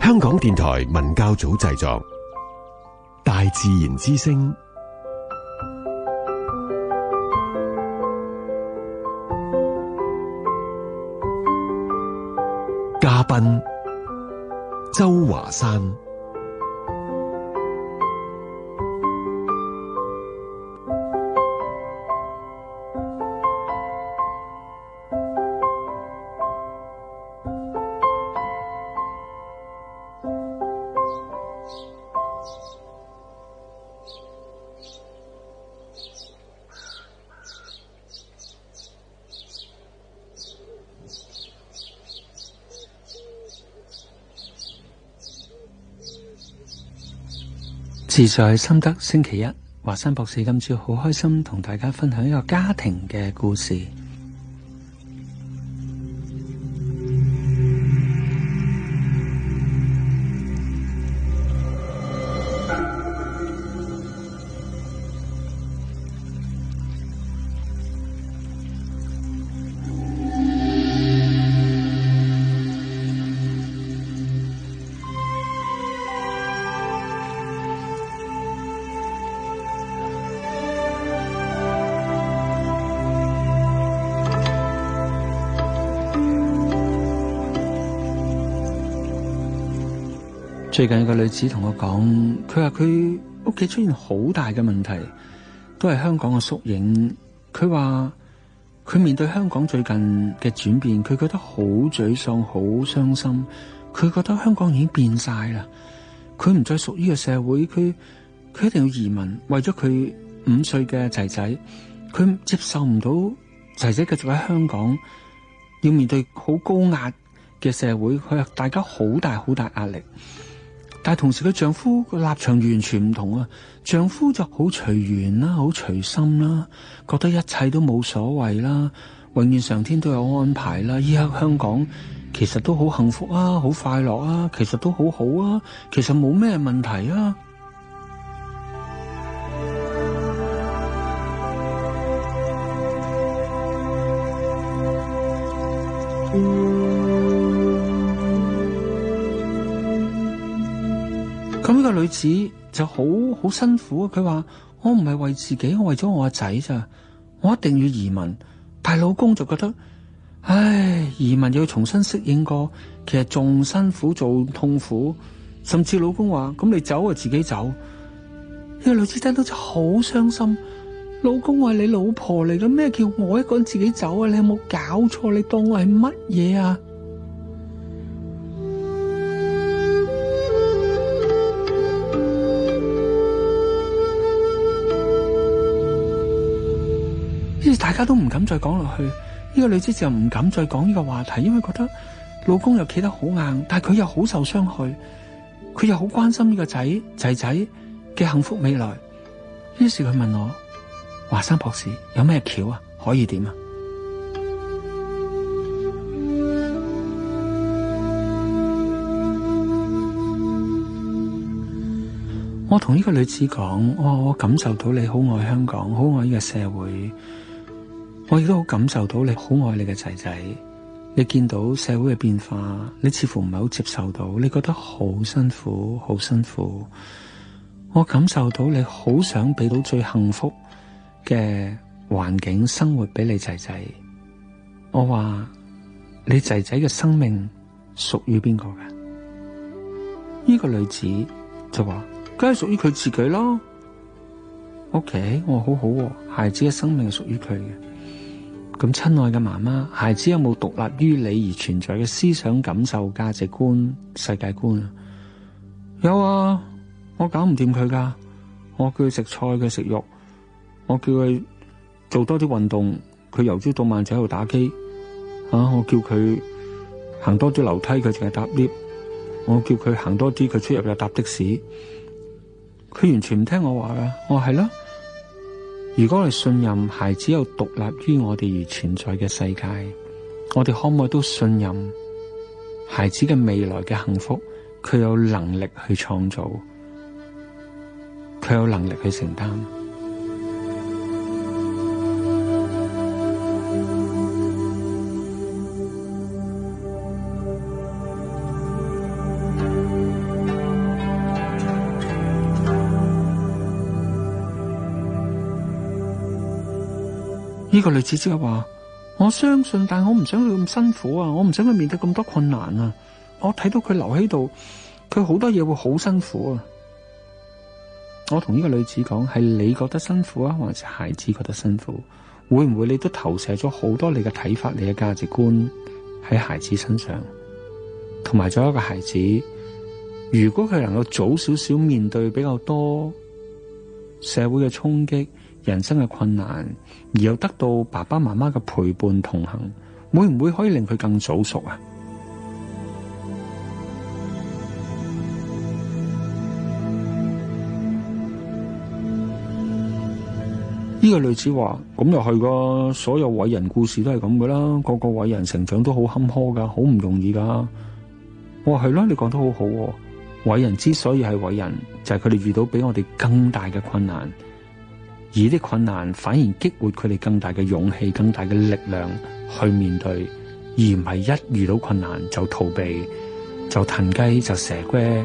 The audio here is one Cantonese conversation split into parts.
香港電台文教組製作《大自然之聲》。嘉賓周華山。自在心得星期一，華山博士今朝好開心同大家分享一個家庭嘅故事。最近有個女子同我講，佢話佢屋企出現好大嘅問題，都係香港嘅縮影。佢話佢面對香港最近嘅轉變，佢覺得好沮喪、好傷心。佢覺得香港已經變晒啦，佢唔再屬於個社會，佢佢一定要移民，為咗佢五歲嘅仔仔，佢接受唔到仔仔繼續喺香港要面對好高壓嘅社會，佢話大家好大好大壓力。但同時，佢丈夫個立場完全唔同啊！丈夫就好隨緣啦，好隨心啦、啊，覺得一切都冇所謂啦、啊，永遠上天都有安排啦、啊。依家香港，其實都好幸福啊，好快樂啊，其實都好好啊，其實冇咩問題啊。咁呢個女子就好好辛苦啊！佢話我唔係為自己，我為咗我個仔咋，我一定要移民。但係老公就覺得，唉，移民又要重新適應過，其實仲辛苦，仲痛苦。甚至老公話：咁你走啊，自己走。呢、這個女子聽到就好傷心。老公係你老婆嚟噶，咩叫我一個人自己走啊？你有冇搞錯？你當我係乜嘢啊？於是大家都唔敢再講落去，呢個女子就唔敢再講呢個話題，因為覺得老公又企得好硬，但係佢又好受傷害，佢又好關心呢個仔仔仔嘅幸福未來。於是佢問我華山博士有咩橋啊，可以點啊？我同呢個女子講，我感受到你好愛香港，好愛呢個社會。我亦都好感受到你好愛你嘅仔仔，你見到社會嘅變化，你似乎唔係好接受到，你覺得好辛苦，好辛苦。我感受到你好想俾到最幸福嘅環境生活俾你仔仔。我話你仔仔嘅生命屬於邊個嘅？呢個女子就話，梗係屬於佢自己啦。OK，我好好，孩子嘅生命係屬於佢嘅。咁親愛嘅媽媽，孩子有冇獨立於你而存在嘅思想、感受、價值觀、世界觀啊？有啊，我搞唔掂佢噶。我叫佢食菜，佢食肉；我叫佢做多啲運動，佢由朝到晚就喺度打機。啊，我叫佢行多啲樓梯，佢淨係搭 lift；我叫佢行多啲，佢出入又搭的士。佢完全唔聽我話噶，我話係咯。如果你信任孩子有獨立於我哋而存在嘅世界，我哋可唔可以都信任孩子嘅未來嘅幸福？佢有能力去創造，佢有能力去承擔。呢個女子即係話：我相信，但係我唔想佢咁辛苦啊！我唔想佢面對咁多困難啊！我睇到佢留喺度，佢好多嘢會好辛苦啊！我同呢個女子講：係你覺得辛苦啊，還是孩子覺得辛苦？會唔會你都投射咗好多你嘅睇法、你嘅價值觀喺孩子身上？同埋，仲有一個孩子，如果佢能夠早少少面對比較多社會嘅衝擊。人生嘅困難，而又得到爸爸媽媽嘅陪伴同行，會唔會可以令佢更早熟啊？呢 個女子話：咁又係噶，所有偉人故事都係咁噶啦，個個偉人成長都好坎坷噶，好唔容易噶。我話係啦，你講得好好啊。偉人之所以係偉人，就係佢哋遇到比我哋更大嘅困難。而啲困難反而激活佢哋更大嘅勇氣，更大嘅力量去面對，而唔係一遇到困難就逃避，就騰雞，就蛇龜，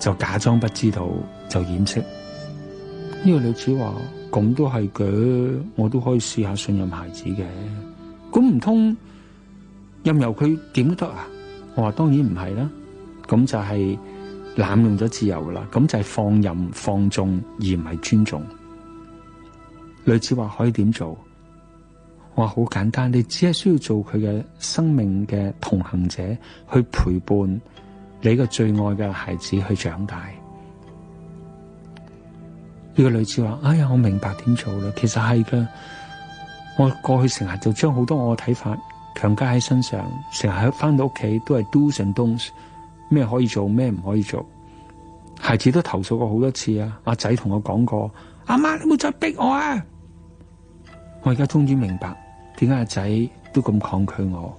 就假裝不知道，就掩飾。呢 個女子話，咁都係嘅，我都可以試下信任孩子嘅。咁唔通任由佢點都得啊？我話當然唔係啦，咁就係濫用咗自由啦，咁就係放任放縱，而唔係尊重。女子話可以點做？我話好簡單，你只係需要做佢嘅生命嘅同行者，去陪伴你個最愛嘅孩子去長大。呢個女子話：，哎呀，我明白點做啦。其實係㗎，我過去成日就將好多我嘅睇法強加喺身上，成日喺翻到屋企都係 do's and don'ts，咩可以做，咩唔可以做。孩子都投訴過好多次啊，阿仔同我講過：，阿媽，你冇再逼我啊！我而家終於明白點解阿仔都咁抗拒我，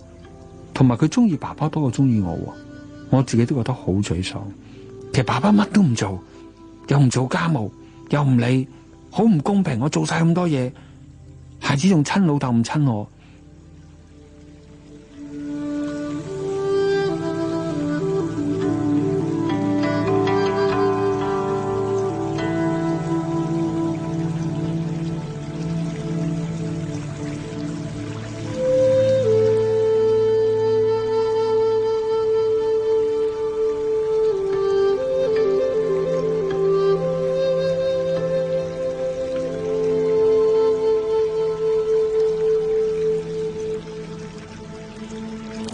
同埋佢中意爸爸多過中意我，我自己都覺得好沮喪。其實爸爸乜都唔做，又唔做家務，又唔理，好唔公平。我做晒咁多嘢，孩子仲親老豆唔親我。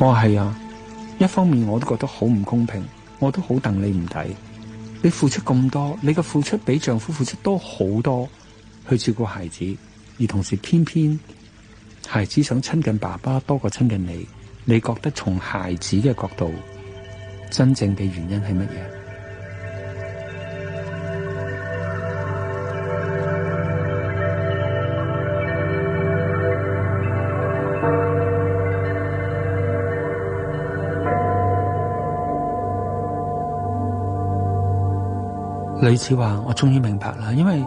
我係、哦、啊，一方面我都覺得好唔公平，我都好戥你唔抵。你付出咁多，你嘅付出比丈夫付出多好多，去照顧孩子，而同時偏偏孩子想親近爸爸多過親近你，你覺得從孩子嘅角度，真正嘅原因係乜嘢？女子話：我終於明白啦，因為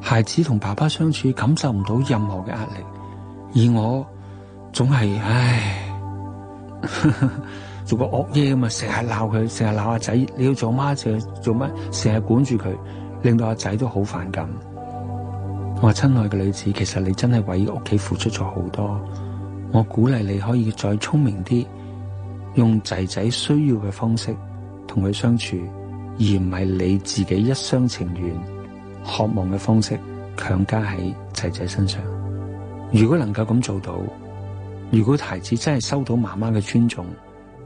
孩子同爸爸相處感受唔到任何嘅壓力，而我總係唉， 做個惡耶咁啊，成日鬧佢，成日鬧阿仔，你要做媽，就做乜？成日管住佢，令到阿仔都好反感。我話親愛嘅女子，其實你真係為屋企付出咗好多，我鼓勵你可以再聰明啲，用仔仔需要嘅方式同佢相處。而唔係你自己一廂情願渴望嘅方式，強加喺仔仔身上。如果能夠咁做到，如果孩子真係收到媽媽嘅尊重，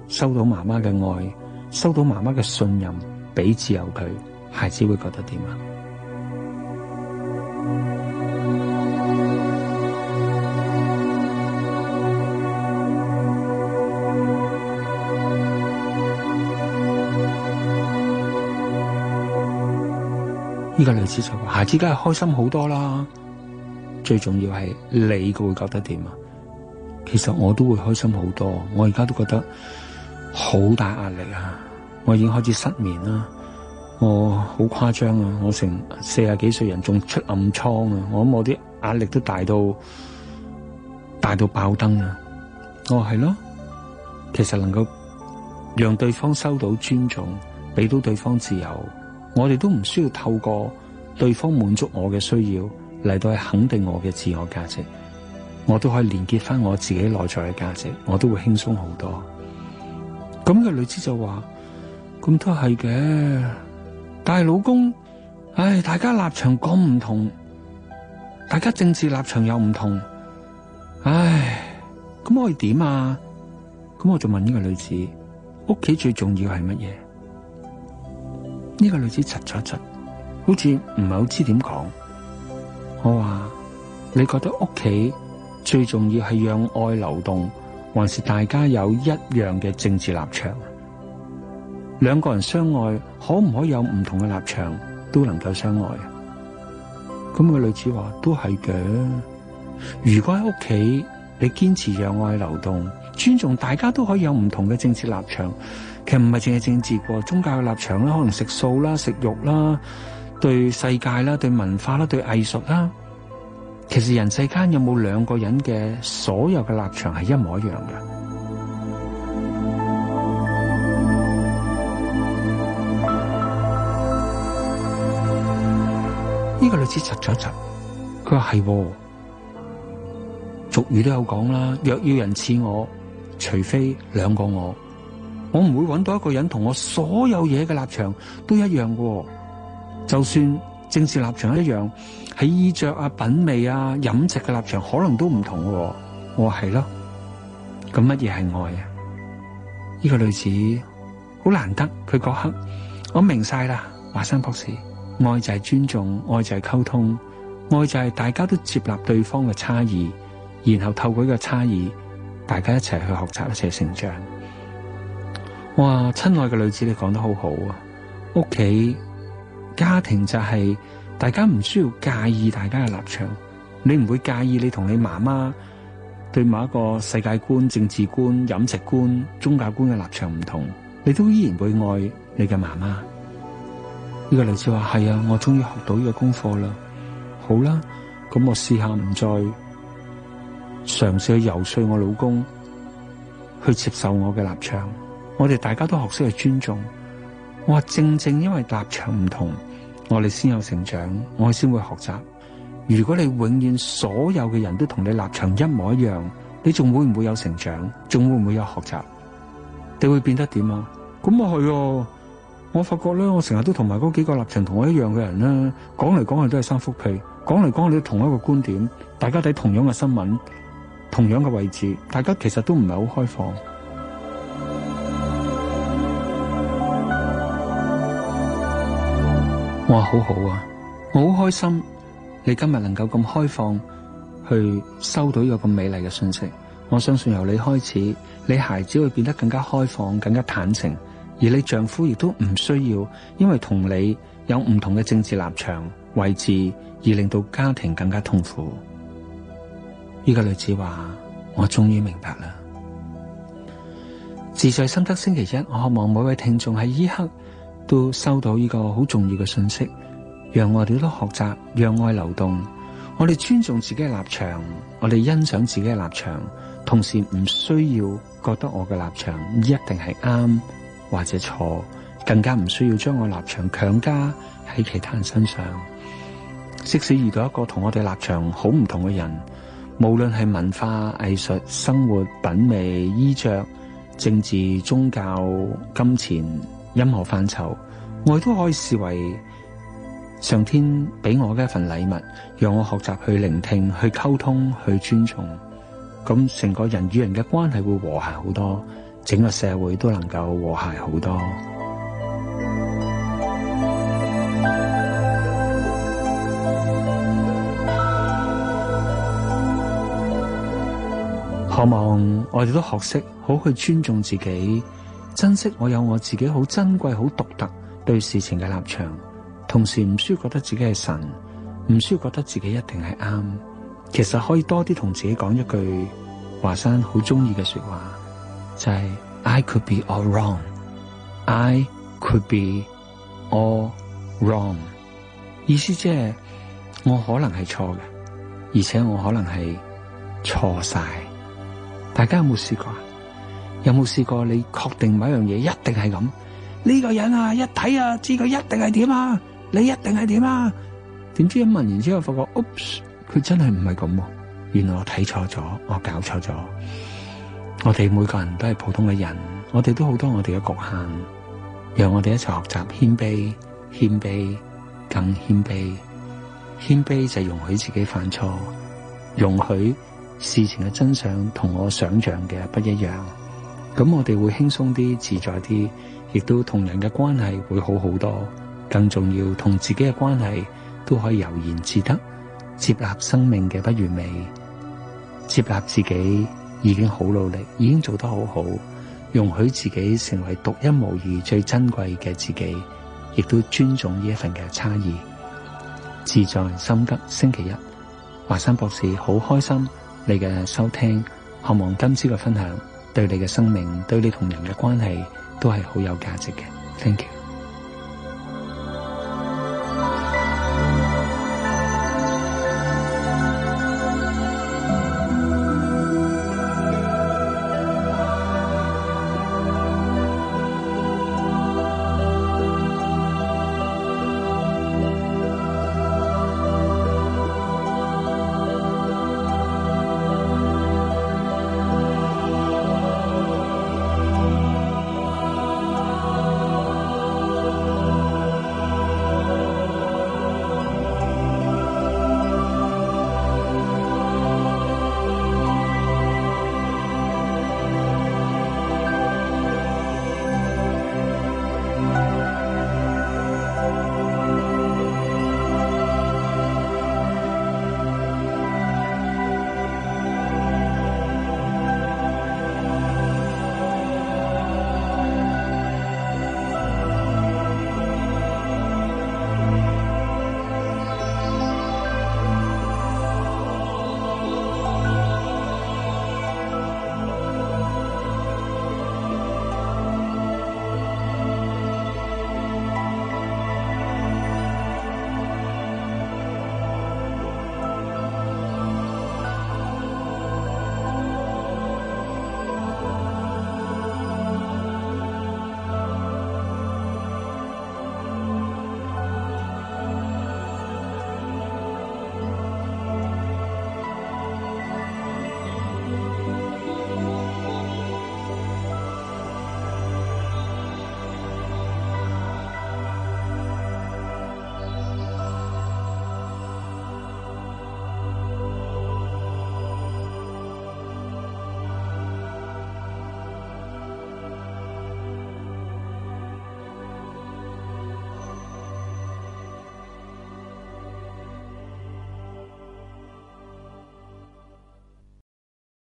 收到媽媽嘅愛，收到媽媽嘅信任，俾自由佢，孩子會覺得點啊？呢個例子就話，孩子梗係開心好多啦。最重要係你個會覺得點啊？其實我都會開心好多。我而家都覺得好大壓力啊！我已經開始失眠啦。我好誇張啊！我成四十幾歲人仲出暗瘡啊！我諗我啲壓力都大到大到爆燈啊！哦，係咯。其實能夠讓對方收到尊重，俾到對方自由。我哋都唔需要透過對方滿足我嘅需要嚟,到去肯定我嘅自我價值，我都可以連結翻我自己內在嘅價值，我都會輕鬆好多。咁個女子就話：，咁都係嘅，但係老公，唉，大家立場咁唔同，大家政治立場又唔同，唉，咁可以點啊？咁我就問呢個女子：，屋企最重要係乜嘢？呢個女子窒咗窒，好似唔係好知點講。我話你覺得屋企最重要係讓愛流動，還是大家有一樣嘅政治立場？兩個人相愛，可唔可以有唔同嘅立場都能夠相愛啊？咁個女子話都係嘅。如果喺屋企，你堅持讓愛流動，尊重大家都可以有唔同嘅政治立場。其實唔係淨係政治，宗教嘅立場啦，可能食素啦、食肉啦，對世界啦、對文化啦、對藝術啦，其實人世間有冇兩個人嘅所有嘅立場係一模一樣嘅？呢個女子窒咗窒，佢話係喎，俗語都有講啦，若要人似我，除非兩個我。我唔會揾到一個人同我所有嘢嘅立場都一樣嘅、哦，就算政治立場一樣，喺衣着啊、品味啊、飲食嘅立場可能都唔同嘅、哦。我話係咯，咁乜嘢係愛啊？呢個女子好難得，佢嗰刻我明晒啦，華山博士，愛就係尊重，愛就係溝通，愛就係大家都接納對方嘅差異，然後透過呢個差異，大家一齊去學習，一齊成長。哇，親愛嘅女子，你講得好好啊！屋企家庭就係、是、大家唔需要介意大家嘅立場，你唔會介意你同你媽媽對某一個世界觀、政治觀、飲食觀、宗教觀嘅立場唔同，你都依然會愛你嘅媽媽。呢、這個女子話：係啊，我終於學到呢個功課啦！好啦，咁我試下唔再嘗試去遊說我老公去接受我嘅立場。我哋大家都學識去尊重，我話正正因為立場唔同，我哋先有成長，我哋先會學習。如果你永遠所有嘅人都同你立場一模一樣，你仲會唔會有成長？仲會唔會有學習？你會變得點啊？咁啊係，我發覺咧，我成日都同埋嗰幾個立場同我一樣嘅人啦。講嚟講去都係三幅屁，講嚟講去都同一個觀點，大家睇同樣嘅新聞，同樣嘅位置，大家其實都唔係好開放。我好好啊，我好開心你今日能夠咁開放去收到一個咁美麗嘅信息。我相信由你開始，你孩子會變得更加開放、更加坦誠，而你丈夫亦都唔需要因為同你有唔同嘅政治立場、位置而令到家庭更加痛苦。呢個女子話：我終於明白啦。自在心得星期一，我希望每位聽眾喺依刻。都收到呢個好重要嘅信息，讓我哋都學習，讓愛流動。我哋尊重自己嘅立場，我哋欣賞自己嘅立場，同時唔需要覺得我嘅立場一定係啱或者錯，更加唔需要將我立場強加喺其他人身上。即使遇到一個同我哋立場好唔同嘅人，無論係文化、藝術、生活、品味、衣着、政治、宗教、金錢。任何範疇，我哋都可以視為上天俾我嘅一份禮物，讓我學習去聆聽、去溝通、去尊重。咁成個人與人嘅關係會和諧好多，整個社會都能夠和諧好多。渴 望我哋都學識好去尊重自己。珍惜我有我自己好珍貴、好獨特對事情嘅立場，同時唔需要覺得自己係神，唔需要覺得自己一定係啱。其實可以多啲同自己講一句華山好中意嘅說話，就係 I could be all wrong，I could be all wrong。意思即係我可能係錯嘅，而且我可能係錯晒。大家有冇試過？有冇試過你確定某一樣嘢一定係咁？呢個人啊，一睇啊，知佢一定係點啊，你一定係點啊？點知一問完之後發覺，oops，佢真係唔係咁，原來我睇錯咗，我搞錯咗。我哋每個人都係普通嘅人，我哋都好多我哋嘅局限，讓我哋一齊學習謙卑，謙卑更謙卑，謙卑就容許自己犯錯，容許事情嘅真相同我想象嘅不一樣。咁我哋會輕鬆啲、自在啲，亦都同人嘅關係會好好多。更重要，同自己嘅關係都可以悠然自得，接納生命嘅不完美，接納自己已經好努力，已經做得好好，容許自己成為獨一無二、最珍貴嘅自己，亦都尊重呢一份嘅差異。自在心得，星期一，華山博士好開心你嘅收聽，渴望今朝嘅分享。對你嘅生命，對你同人嘅關係都係好有價值嘅。Thank you。